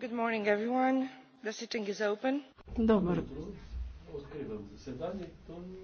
Good morning, everyone. The sitting is open. Добър. Откривам заседанието.